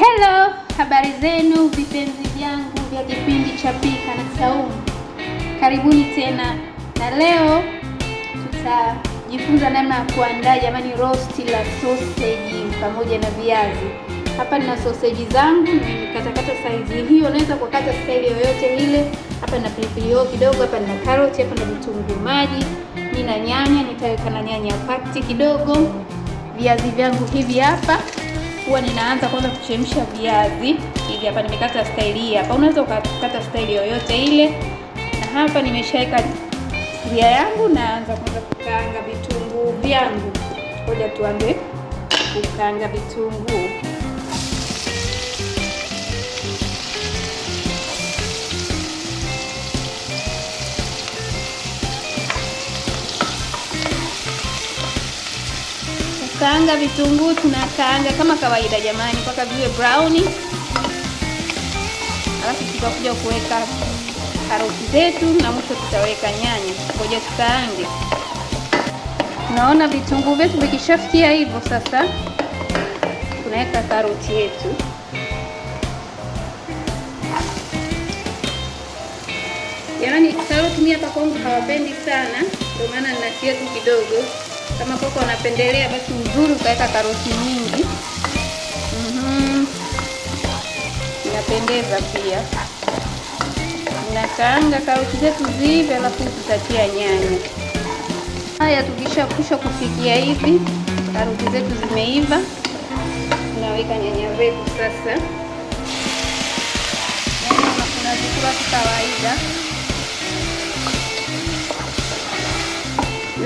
Hello, habari zenu vipenzi vyangu vya kipindi cha Pika na Saumu. Karibuni tena, na leo tutajifunza namna ya kuandaa jamani, rosti la sausage pamoja na viazi. Hapa nina sausage zangu nimekatakata saizi hiyo, naweza kukata staili yoyote ile. Hapa nina pilipili hoho kidogo, hapa nina karoti, hapa na vitunguu maji, nina nyanya, nitaweka na nyanya pakti kidogo viazi vyangu hivi hapa. Huwa ninaanza kwanza kuchemsha viazi hivi hapa, nimekata staili hii hapa. Unaweza ukakata staili yoyote ile, na hapa nimeshaweka sufuria yangu, naanza kwanza kukaanga vitunguu vyangu. Ngoja tuanze kukaanga vitunguu. tunakaanga vitunguu, tunakaanga kama kawaida jamani, mpaka viwe brown, alafu tutakuja kuweka karoti zetu na mwisho tutaweka nyanya. Ngoja tukaange. Naona vitunguu vyetu vikishafikia hivyo, sasa tunaweka karoti yetu Yaani karoti mimi hapa kwangu hawapendi sana, ndio maana ninakiweka kidogo. Kama kwako wanapendelea, basi uzuri ukaweka karoti nyingi. Mm-hmm. Inapendeza pia. Nakaanga karoti zetu ziive, alafu tutatia nyanya. Haya, tukishakusha kufikia hivi, karoti zetu zimeiva, tunaweka nyanya zetu sasa. Nyanya kuna kawaida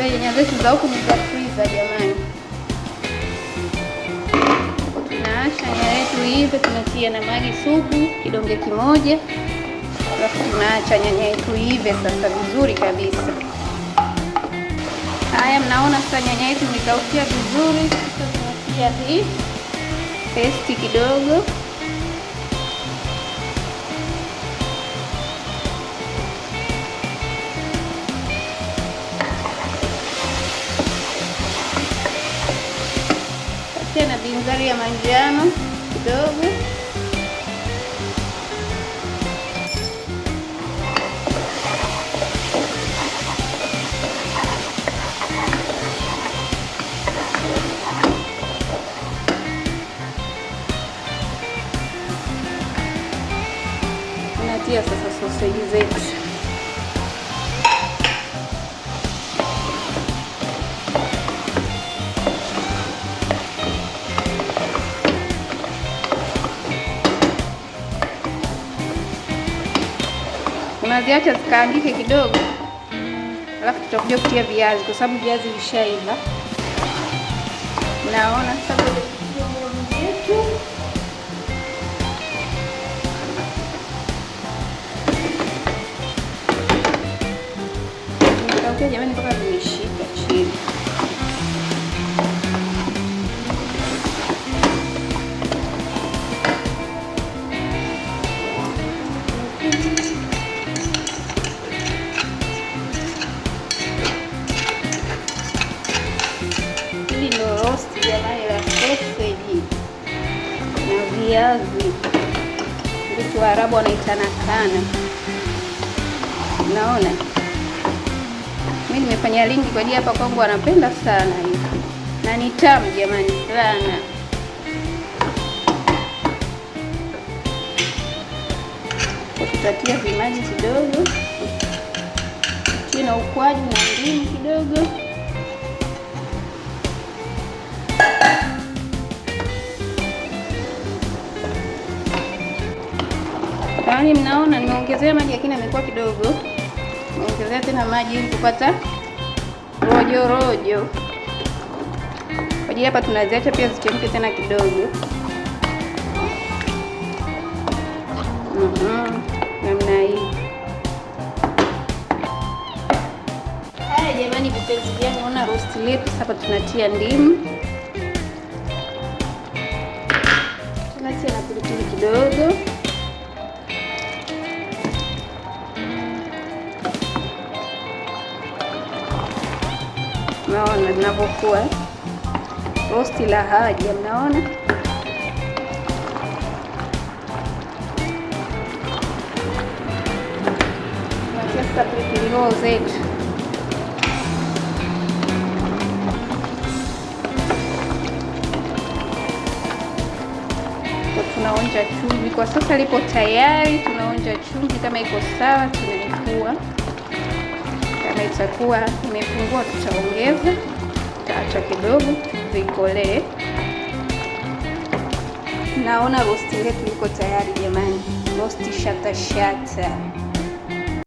nyanya zetu za huku ni za freezer jamani. tunaacha nyanya yetu ive, tunatia na maji supu kidonge kimoja, alafu tunaacha nyanya yetu ive sasa vizuri kabisa. Haya, mnaona sasa nyanya yetu imekaukia vizuri. Sasa tunatia hii pesti kidogo nyeupe na binzari ya manjano kidogo. Natia sasa soseji zetu. tunaziacha zikaangike kidogo, alafu tutakuja kutia viazi kwa sababu viazi vishaiva. Naona sasa yetu jamani, mpaka toast jamani la sausage na viazi vitu Waarabu wanaitana sana Naona mimi nimefanya lingi kwa hapa kwangu, wanapenda sana hivi na ni tamu jamani sana. Tutatia vimaji kidogo, kina ukwaju na ndimu kidogo Yaani mnaona nimeongezea maji lakini amekuwa kidogo. Nimeongezea tena maji ili kupata rojo rojo. Kwa ajili hapa tunaziacha pia zichemke tena kidogo. Mhm. Namna hii. Haya jamani, vipenzi vyangu, naona roast letu hapa tunatia ndimu. Tunatia na pilipili kidogo. Mnaona linavyokuwa rosti la haja, mnaona tunachesta pilipili hoho zetu tunaonja chumvi. Kwa sasa lipo tayari, tunaonja chumvi kama iko sawa, tunaipua kama itakuwa imepungua, tutaongeza, taacha kidogo vikolee. Naona rosti letu iko tayari jamani, rosti shata.